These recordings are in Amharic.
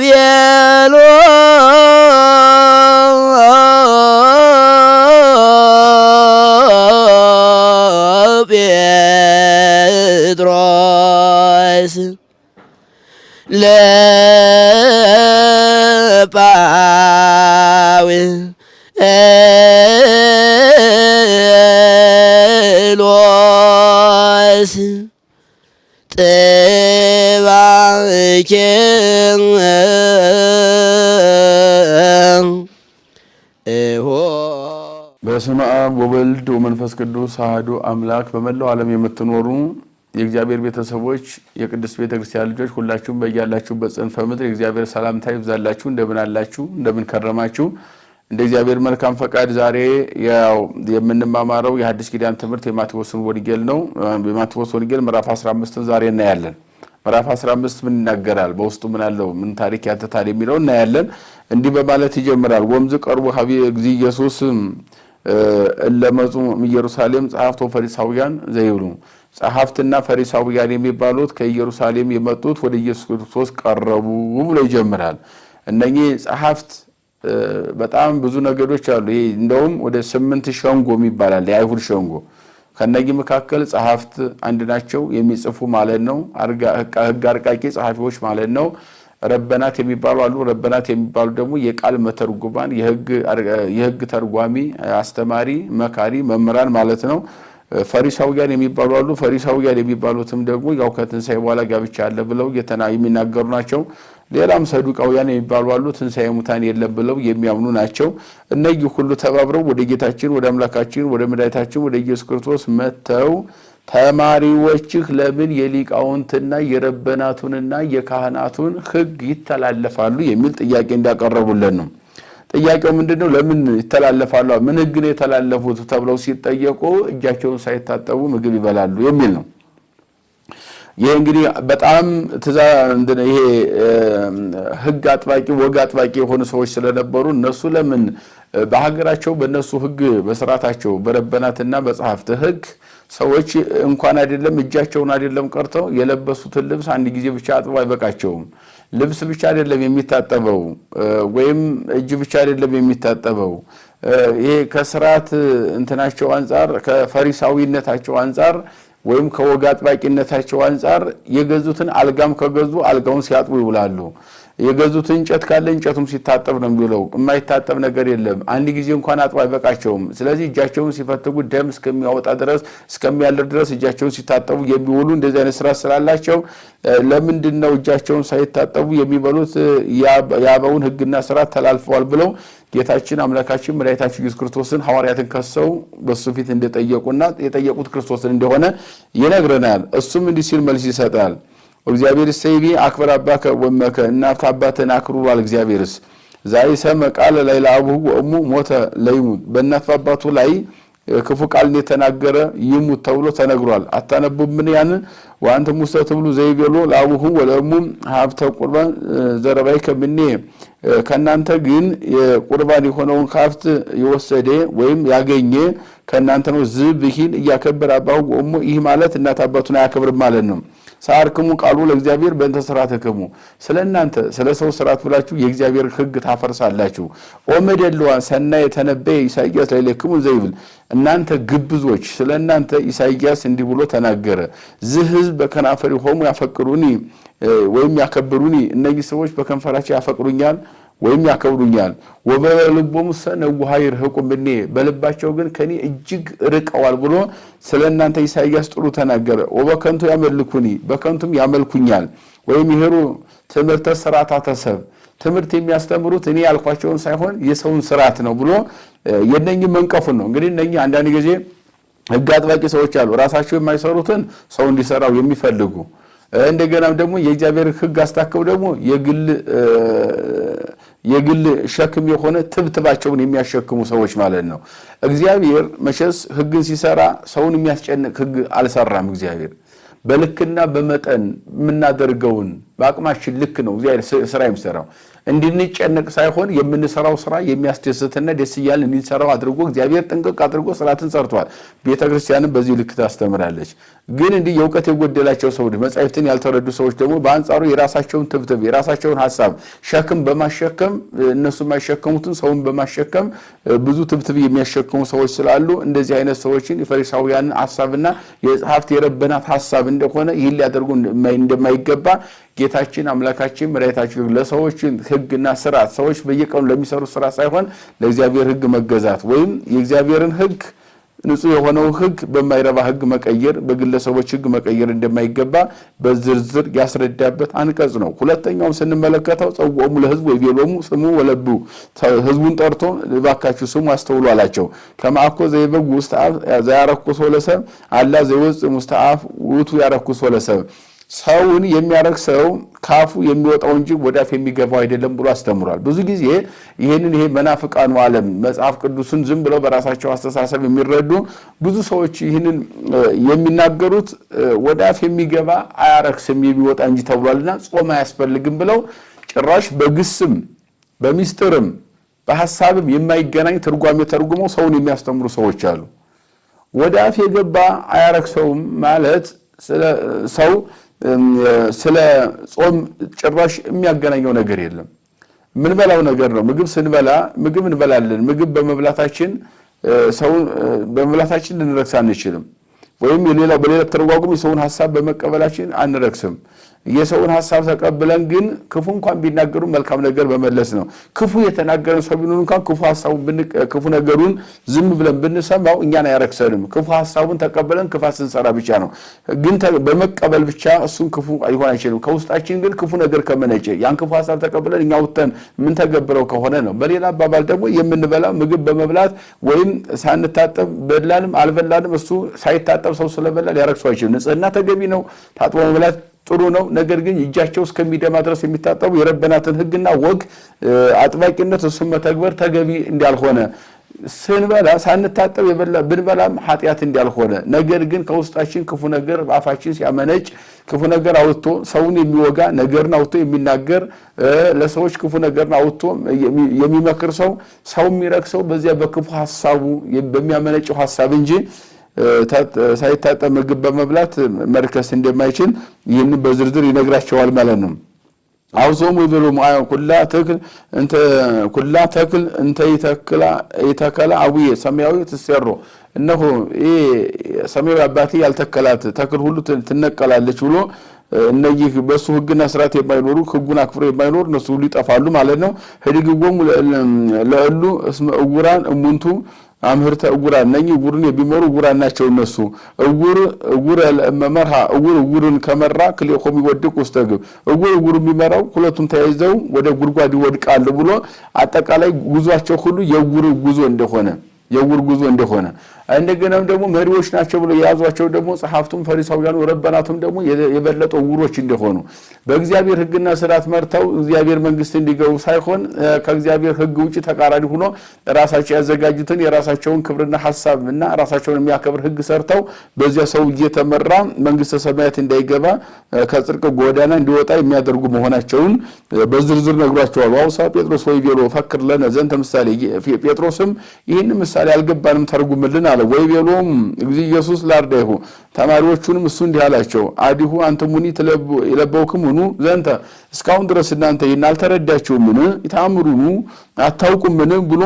ቤሎ ጴጥሮስ ለጳዊ ኤሎስ በስመ አብ ወወልድ ወመንፈስ ቅዱስ አሐዱ አምላክ። በመላው ዓለም የምትኖሩ የእግዚአብሔር ቤተሰቦች የቅድስት ቤተክርስቲያን ልጆች ሁላችሁም በያላችሁበት ጽንፈ ምድር የእግዚአብሔር ሰላምታ ይብዛላችሁ። እንደምን አላችሁ? እንደምን ከረማችሁ? እንደ እግዚአብሔር መልካም ፈቃድ ዛሬ ያው የምንማማረው የሐዲስ ኪዳን ትምህርት የማቴዎስን ወንጌል ነው። የማቴዎስ ወንጌል ምዕራፍ 15ን ዛሬ እናያለን። ምዕራፍ 15 ምን ይናገራል፣ በውስጡ ምን አለው፣ ምን ታሪክ ያትታል የሚለው እናያለን። እንዲህ በማለት ይጀምራል። ወምዝ ቀርቡ ሀቢብ እግዚ ኢየሱስ እለመጹ ኢየሩሳሌም ጸሐፍቶ ፈሪሳውያን ዘይብሉ ጸሐፍትና ፈሪሳውያን የሚባሉት ከኢየሩሳሌም የመጡት ወደ ኢየሱስ ክርስቶስ ቀረቡ ብሎ ይጀምራል። እነኚህ ጸሐፍት በጣም ብዙ ነገዶች አሉ። ይሄ እንደውም ወደ ስምንት ሸንጎ የሚባላል የአይሁድ ሸንጎ ከነዚህ መካከል ጸሐፍት አንድ ናቸው፣ የሚጽፉ ማለት ነው። ህግ አርቃቂ ጸሐፊዎች ማለት ነው። ረበናት የሚባሉ አሉ። ረበናት የሚባሉ ደግሞ የቃል መተርጉማን፣ የህግ ተርጓሚ፣ አስተማሪ፣ መካሪ፣ መምህራን ማለት ነው። ፈሪሳውያን የሚባሉ አሉ። ፈሪሳውያን የሚባሉትም ደግሞ ያው ከትንሣኤ በኋላ ጋብቻ አለ ብለው የሚናገሩ ናቸው። ሌላም ሰዱቃውያን የሚባሉ አሉ። ትንሣኤ ሙታን የለም ብለው የሚያምኑ ናቸው። እነዚህ ሁሉ ተባብረው ወደ ጌታችን ወደ አምላካችን ወደ መድኃኒታችን ወደ ኢየሱስ ክርስቶስ መጥተው ተማሪዎችህ ለምን የሊቃውንትና የረበናቱንና የካህናቱን ሕግ ይተላለፋሉ የሚል ጥያቄ እንዳቀረቡለን ነው። ጥያቄው ምንድን ነው? ለምን ይተላለፋሉ? ምን ህግ ነው የተላለፉት ተብለው ሲጠየቁ እጃቸውን ሳይታጠቡ ምግብ ይበላሉ የሚል ነው። ይሄ እንግዲህ በጣም ይሄ ህግ አጥባቂ ወግ አጥባቂ የሆኑ ሰዎች ስለነበሩ እነሱ ለምን በሀገራቸው በእነሱ ህግ በስርዓታቸው በረበናትና በጸሐፍት ህግ ሰዎች እንኳን አይደለም እጃቸውን አይደለም ቀርተው የለበሱትን ልብስ አንድ ጊዜ ብቻ አጥበው አይበቃቸውም። ልብስ ብቻ አይደለም የሚታጠበው ወይም እጅ ብቻ አይደለም የሚታጠበው። ይሄ ከስርዓት እንትናቸው አንጻር ከፈሪሳዊነታቸው አንጻር ወይም ከወግ አጥባቂነታቸው አንጻር የገዙትን አልጋም ከገዙ አልጋውን ሲያጥቡ ይውላሉ። የገዙት እንጨት ካለ እንጨቱም ሲታጠብ ነው የሚውለው። የማይታጠብ ነገር የለም። አንድ ጊዜ እንኳን አጥቦ አይበቃቸውም። ስለዚህ እጃቸውን ሲፈትጉ ደም እስከሚያወጣ ድረስ እስከሚያልር ድረስ እጃቸውን ሲታጠቡ የሚውሉ እንደዚህ አይነት ስራ ስላላቸው ለምንድን ነው እጃቸውን ሳይታጠቡ የሚበሉት? የአበውን ሕግና ስርዓት ተላልፈዋል ብለው ጌታችን አምላካችን መድኃኒታችን ኢየሱስ ክርስቶስን ሐዋርያትን ከሰው በሱ ፊት እንደጠየቁና የጠየቁት ክርስቶስን እንደሆነ ይነግረናል። እሱም እንዲህ ሲል መልስ ይሰጣል። ወእግዚአብሔር ሰይቢ አክበር አባከ ወመከ እናት አባትን አክብሯል። እግዚአብሔርስ ዛይ ሰመ ቃል ላይ ለአቡሁ ወእሙ ሞተ ለይሙት በእናት አባቱ ላይ ክፉ ቃል የተናገረ ይሙት ተብሎ ተነግሯል። አታነቡምን? ያንን ወአንተ ሙሰ ትብሉ ዘይቤሎ ለአቡሁ ወለእሙ ሀብተ ቁርባን ዘረባይ ከምኔ ከእናንተ ግን የቁርባን የሆነውን ሀብት የወሰደ ወይም ያገኘ ከእናንተ ነው። ዝብሂን እያከበር አባሁ ወእሙ ይህ ማለት እናት አባቱን አያከብርም ማለት ነው። ሳርክሙ ቃሉ ለእግዚአብሔር በእንተ ስርዓትክሙ፣ ስለ እናንተ ስለ ሰው ስርዓት ብላችሁ የእግዚአብሔር ሕግ ታፈርሳላችሁ። ኦመደልዋን ሰናይ ተነበየ ኢሳይያስ ለይሌክሙ ዘይብል፣ እናንተ ግብዞች ስለ እናንተ ኢሳይያስ እንዲህ ብሎ ተናገረ። ዝህ በከናፈሪ በከናፈሪሆሙ ያፈቅሩኒ ወይም ያከብሩኒ፣ እነዚህ ሰዎች በከንፈራቸው ያፈቅሩኛል ወይም ያከብሩኛል። ወበልቦም ሰነ ውሃይ ርህቁ እምኔ፣ በልባቸው ግን ከኔ እጅግ ርቀዋል ብሎ ስለ እናንተ ኢሳያስ ጥሩ ተናገረ። ወበከንቱ ያመልኩኒ፣ በከንቱም ያመልኩኛል። ወይም ይሄሩ ትምህርተ ስርዓት አተሰብ፣ ትምህርት የሚያስተምሩት እኔ ያልኳቸውን ሳይሆን የሰውን ስርዓት ነው ብሎ የነኝ መንቀፉን ነው። እንግዲህ እነ አንዳንድ ጊዜ ህግ አጥባቂ ሰዎች አሉ፣ ራሳቸው የማይሰሩትን ሰው እንዲሰራው የሚፈልጉ እንደገናም ደግሞ የእግዚአብሔር ህግ አስታክብ ደግሞ የግል የግል ሸክም የሆነ ትብትባቸውን የሚያሸክሙ ሰዎች ማለት ነው። እግዚአብሔር መቼስ ሕግን ሲሰራ ሰውን የሚያስጨንቅ ሕግ አልሰራም። እግዚአብሔር በልክና በመጠን የምናደርገውን በአቅማችን ልክ ነው እግዚአብሔር ስራ የሚሰራው። እንድንጨነቅ ሳይሆን የምንሰራው ስራ የሚያስደስትና ደስ እያልን እንዲሰራው አድርጎ እግዚአብሔር ጥንቅቅ አድርጎ ስርዓትን ሰርቷል። ቤተ ክርስቲያንም በዚህ ልክ ታስተምራለች። ግን እንዲህ የእውቀት የጎደላቸው ሰዎች፣ መጻሕፍትን ያልተረዱ ሰዎች ደግሞ በአንጻሩ የራሳቸውን ትብትብ የራሳቸውን ሀሳብ ሸክም በማሸከም እነሱ የማይሸከሙትን ሰውን በማሸከም ብዙ ትብትብ የሚያሸክሙ ሰዎች ስላሉ እንደዚህ አይነት ሰዎችን የፈሪሳውያንን ሀሳብና የጸሐፍት የረበናት ሀሳብ እንደሆነ ይህን ሊያደርጉ እንደማይገባ ጌታችን አምላካችን መድኃኒታችን ለሰዎችን ህግና ስርዓት ሰዎች በየቀኑ ለሚሰሩ ስራ ሳይሆን ለእግዚአብሔር ህግ መገዛት ወይም የእግዚአብሔርን ህግ ንጹህ የሆነው ህግ በማይረባ ህግ መቀየር በግለሰቦች ህግ መቀየር እንደማይገባ በዝርዝር ያስረዳበት አንቀጽ ነው። ሁለተኛውም ስንመለከተው ጸውዖሙ ለሕዝቡ ወይቤሎሙ ስሙ ወለቡ ህዝቡን ጠርቶ እባካችሁ ስሙ አስተውሉ አላቸው። ከማእኮ ዘይበጉ ውስጥ አፍ ዘያረኩሶ ለሰብ አላ ዘይወፅም ውስጥ አፍ ውእቱ ያረኩሶ ለሰብ ሰውን የሚያደርግ ሰው ካፉ የሚወጣው እንጂ ወዳፍ የሚገባው አይደለም ብሎ አስተምሯል። ብዙ ጊዜ ይህንን ይሄ መናፍቃኑ ዓለም መጽሐፍ ቅዱስን ዝም ብለው በራሳቸው አስተሳሰብ የሚረዱ ብዙ ሰዎች ይህንን የሚናገሩት ወዳፍ የሚገባ አያረክስም የሚወጣ እንጂ ተብሏልና ጾም አያስፈልግም ብለው ጭራሽ በግስም በሚስጥርም በሀሳብም የማይገናኝ ትርጓሜ ተርጉመው ሰውን የሚያስተምሩ ሰዎች አሉ። ወዳፍ የገባ አያረክሰውም ማለት ሰው ስለ ጾም ጭራሽ የሚያገናኘው ነገር የለም። የምንበላው ነገር ነው። ምግብ ስንበላ ምግብ እንበላለን። ምግብ በመብላታችን ሰውን በመብላታችን ልንረክስ አንችልም። ወይም በሌላ ተረጓጉም የሰውን ሀሳብ በመቀበላችን አንረክስም። የሰውን ሀሳብ ተቀብለን ግን ክፉ እንኳን ቢናገሩ መልካም ነገር በመለስ ነው። ክፉ የተናገረን ሰው ቢኖር እንኳን ክፉ ሀሳቡን ክፉ ነገሩን ዝም ብለን ብንሰማው እኛን አያረክሰንም። ክፉ ሀሳቡን ተቀብለን ክፋት ስንሰራ ብቻ ነው። ግን በመቀበል ብቻ እሱን ክፉ ሊሆን አይችልም። ከውስጣችን ግን ክፉ ነገር ከመነጨ ያን ክፉ ሀሳብ ተቀብለን እኛ ውተን የምንተገብረው ከሆነ ነው። በሌላ አባባል ደግሞ የምንበላ ምግብ በመብላት ወይም ሳንታጠብ በላንም አልበላንም እሱ ሳይታጠብ ሰው ስለበላ ሊያረክሰው አይችልም። ንጽህና ተገቢ ነው። ታጥቦ መብላት ጥሩ ነው። ነገር ግን እጃቸው እስከሚደማ ድረስ የሚታጠቡ የረበናትን ሕግና ወግ አጥባቂነት እሱን መተግበር ተገቢ እንዳልሆነ ስንበላ ሳንታጠብ ብንበላም ኃጢአት እንዳልሆነ ነገር ግን ከውስጣችን ክፉ ነገር በአፋችን ሲያመነጭ ክፉ ነገር አውጥቶ ሰውን የሚወጋ ነገርን አውጥቶ የሚናገር ለሰዎች ክፉ ነገርን አውጥቶ የሚመክር ሰው ሰው የሚረክሰው በዚያ በክፉ ሀሳቡ በሚያመነጨው ሀሳብ እንጂ ሳይታጠብ ምግብ በመብላት መርከስ እንደማይችል ይህን በዝርዝር ይነግራቸዋል ማለት ነው። አውሶም ይብሉ ኩላ ተክል እንተ ኩላ ተክል እንተ ይተክላ ይተከላ አውየ ሰማያዊ ትሰሮ እነሆ ይሄ ሰማያዊ አባቴ ያልተከላት ተክል ሁሉ ትነቀላለች ብሎ እነዚህ በሱ ህግና ስርዓት የማይኖሩ ሕጉን አክብሮ የማይኖር እነሱ ሁሉ ይጠፋሉ ማለት ነው። ህድግጎሙ ለእሉ እስመ እውራን እሙንቱ አምህርተ እጉራን እነኚህ እጉርን የሚመሩ እጉራን ናቸው። እነሱ እጉር እጉር መርሃ እጉር እጉርን ከመራ ክልኤሆሙ ይወድቅ ውስተ ግብ እጉር እጉር የሚመራው ሁለቱም ተያይዘው ወደ ጉድጓድ ይወድቃሉ ብሎ አጠቃላይ ጉዟቸው ሁሉ የእጉር ጉዞ እንደሆነ የእጉር ጉዞ እንደሆነ እንደገናም ደግሞ መሪዎች ናቸው ብለው የያዟቸው ደግሞ ጸሐፍቱም ፈሪሳውያኑ ረበናቱም ደግሞ የበለጠ ውሮች እንደሆኑ በእግዚአብሔር ሕግና ስርዓት መርተው እግዚአብሔር መንግስት እንዲገቡ ሳይሆን ከእግዚአብሔር ሕግ ውጭ ተቃራኒ ሆኖ ራሳቸው ያዘጋጁትን የራሳቸውን ክብርና ሀሳብ እና ራሳቸውን የሚያከብር ሕግ ሰርተው በዚያ ሰው እየተመራ መንግስተ ሰማያት እንዳይገባ ከጽድቅ ጎዳና እንዲወጣ የሚያደርጉ መሆናቸውን በዝርዝር ነግሯቸዋል። ዋውሳ ጴጥሮስ ወይ ቤሎ ፈክር ለነ ዘንተ ምሳሌ ጴጥሮስም ይህን ምሳሌ አልገባንም ተርጉምልን አለ። አለ። ቤሎም እግዚእ ኢየሱስ ላርዳይሁ ተማሪዎቹንም እሱ እንዲህ አላቸው፣ አዲሁ አንተ ሙኒ አንትሙኒ ይለበውክሙኑ ዘንተ እስካሁን ድረስ እናንተ ይህን አልተረዳችሁምን? ይታምሩኑ አታውቁምን? ብሎ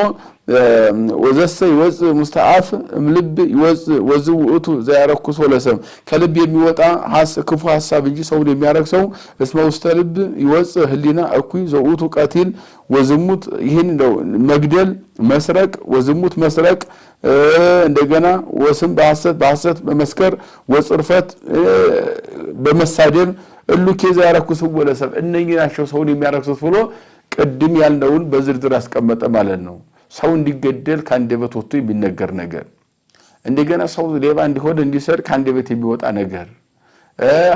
ወዘሰ ይወፅእ ሙስተአፍ ምልብ እምልብ ወዝ ወዝእ ውእቱ ዘያረኩሶ ለሰብእ ከልብ የሚወጣ ሐስ ክፉ ሐሳብ እንጂ ሰውን ሰው እስመ ውስተ ልብ ይወፅእ ህሊና እኩይ ዘውእቱ ቀቲል ወዝሙት ይህን ነው መግደል መስረቅ ወዝሙት መስረቅ እንደገና ወስም በሐሰት በሐሰት በመስከር ወጽርፈት በመሳደብ እሉ ኬዛ ያረኩስ ወለሰብ እነኚህ ናቸው ሰውን የሚያረክሱት ብሎ ቅድም ያልነውን በዝርዝር አስቀመጠ ማለት ነው። ሰው እንዲገደል ከአንደበት ወጥቶ የሚነገር ነገር፣ እንደገና ሰው ሌባ እንዲሆን እንዲሰድ ከአንደበት የሚወጣ ነገር፣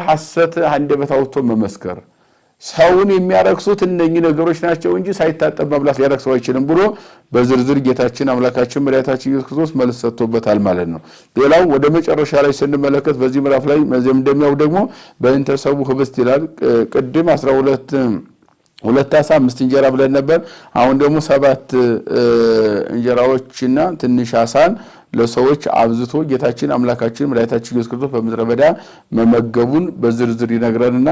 ሐሰት አንደበት አውጥቶ መመስከር ሰውን የሚያረክሱት እነኚህ ነገሮች ናቸው እንጂ ሳይታጠብ መብላት ሊያረክሰው አይችልም ብሎ በዝርዝር ጌታችን አምላካችን መድኃኒታችን ኢየሱስ ክርስቶስ መልስ ሰጥቶበታል ማለት ነው። ሌላው ወደ መጨረሻ ላይ ስንመለከት በዚህ ምዕራፍ ላይ እንደሚያው ደግሞ በእንተ ሰቡ ህብስት ይላል። ቅድም አስራ ሁለት ሁለት አሳ አምስት እንጀራ ብለን ነበር። አሁን ደግሞ ሰባት እንጀራዎችና ትንሽ አሳን ለሰዎች አብዝቶ ጌታችን አምላካችን መድኃኒታችን ኢየሱስ ክርስቶስ በምድረ በዳ መመገቡን በዝርዝር ይነግረንና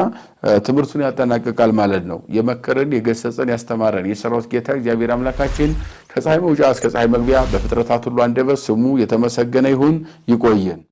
ትምህርቱን ያጠናቅቃል ማለት ነው። የመከረን የገሰጸን ያስተማረን የሰራዊት ጌታ እግዚአብሔር አምላካችን ከፀሐይ መውጫ እስከ ፀሐይ መግቢያ በፍጥረታት ሁሉ አንደበት ስሙ የተመሰገነ ይሁን። ይቆየን።